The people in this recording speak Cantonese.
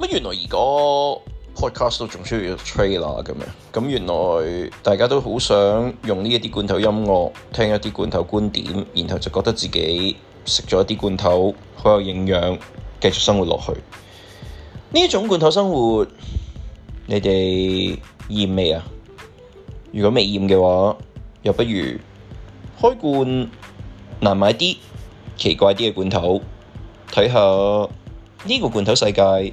乜原來而家 podcast 都仲需要 trailer 咁樣，咁原來大家都好想用呢一啲罐頭音樂聽一啲罐頭觀點，然後就覺得自己食咗一啲罐頭好有營養，繼續生活落去。呢種罐頭生活，你哋厭未啊？如果未厭嘅話，又不如開罐難買啲奇怪啲嘅罐頭，睇下呢個罐頭世界。